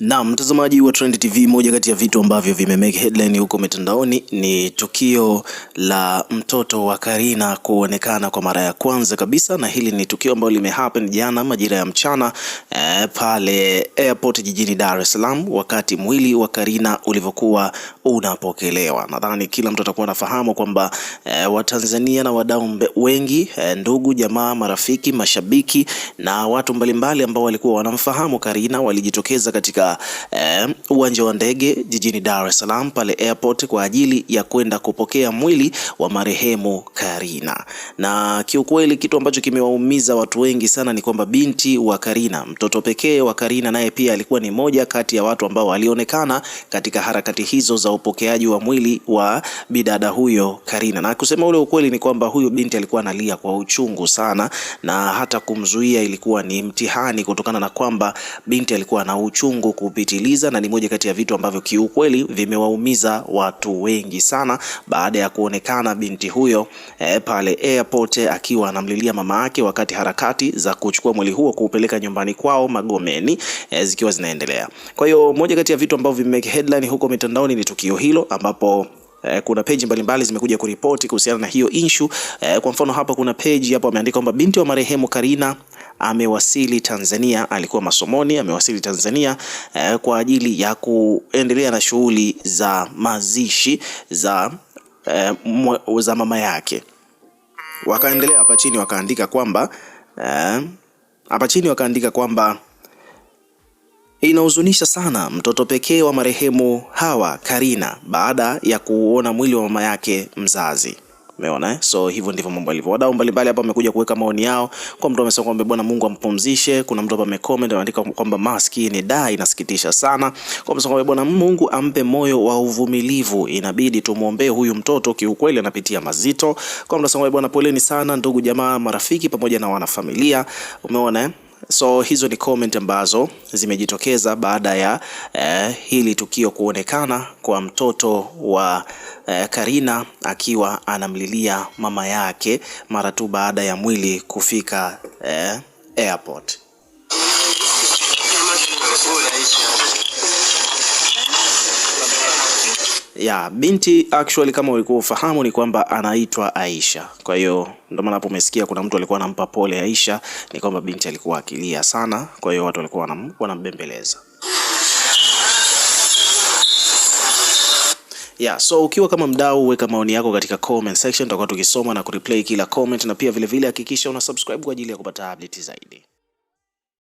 Na mtazamaji wa Trend TV, moja kati ya vitu ambavyo vimemake headline huko mitandaoni ni tukio la mtoto wa Karina kuonekana kwa mara ya kwanza kabisa, na hili ni tukio ambalo limehappen jana majira ya mchana eh, pale airport jijini Dar es Salaam, wakati mwili wa Karina ulivyokuwa unapokelewa. Nadhani kila mtu atakuwa anafahamu kwamba eh, Watanzania na wadau wengi eh, ndugu, jamaa, marafiki, mashabiki na watu mbalimbali ambao walikuwa wanamfahamu Karina walijitokeza katika eh, uwanja wa ndege jijini Dar es Salaam pale airport kwa ajili ya kwenda kupokea mwili wa marehemu Karina. Na kiukweli kitu ambacho kimewaumiza watu wengi sana ni kwamba binti wa Karina, mtoto pekee wa Karina, naye pia alikuwa ni moja kati ya watu ambao walionekana katika harakati hizo za upokeaji wa mwili wa bidada huyo Karina. Na kusema ule ukweli ni kwamba huyu binti alikuwa analia kwa uchungu sana na hata kumzuia ilikuwa ni mtihani kutokana na kwamba binti alikuwa na uchungu kupitiliza, na ni moja kati ya vitu ambavyo kiukweli vimewaumiza watu wengi sana, baada ya kuonekana binti huyo eh, pale airport eh, akiwa anamlilia mama yake wakati harakati za kuchukua mwili huo kuupeleka nyumbani kwao Magomeni eh, zikiwa zinaendelea. Kwa hiyo moja kati ya vitu ambavyo vimemake headline huko mitandaoni ni tukio hilo ambapo eh, kuna peji mbalimbali zimekuja kuripoti kuhusiana na hiyo issue. Eh, kwa mfano hapa kuna peji hapo ameandika kwamba binti wa marehemu Karina amewasili Tanzania, alikuwa masomoni, amewasili Tanzania eh, kwa ajili ya kuendelea na shughuli za mazishi za, eh, za mama yake. Wakaendelea hapa chini wakaandika kwamba eh, hapa chini wakaandika kwamba Inahuzunisha sana mtoto pekee wa marehemu Hawa Karina baada ya kuona mwili wa mama yake mzazi. Umeona eh? So hivyo ndivyo mambo yalivyo. Wadau mbalimbali hapa wamekuja kuweka maoni yao. Kwa mtu amesema kwamba bwana Mungu ampumzishe. Kuna mtu hapa amecomment anaandika kwamba maski ni dai inasikitisha sana. Kwa msongo wa bwana Mungu ampe moyo wa uvumilivu. Inabidi tumuombe huyu mtoto kiukweli anapitia mazito. Kwa mtu kwamba bwana poleni sana ndugu jamaa, marafiki pamoja na wanafamilia. Umeona eh? So hizo ni comment ambazo zimejitokeza baada ya eh, hili tukio kuonekana kwa mtoto wa eh, Karina akiwa anamlilia mama yake mara tu baada ya mwili kufika eh, airport. Ya, binti actually kama ulikuwa ufahamu ni kwamba anaitwa Aisha. Kwa hiyo ndio maana hapo umesikia kuna mtu alikuwa anampa pole Aisha, ni kwamba binti alikuwa akilia sana, kwa hiyo watu walikuwa wanambembeleza. Yeah, so ukiwa kama mdau, weka maoni yako katika comment section, tutakuwa tukisoma na kureplay kila comment, na pia vilevile hakikisha vile una subscribe kwa ajili ya kupata update zaidi.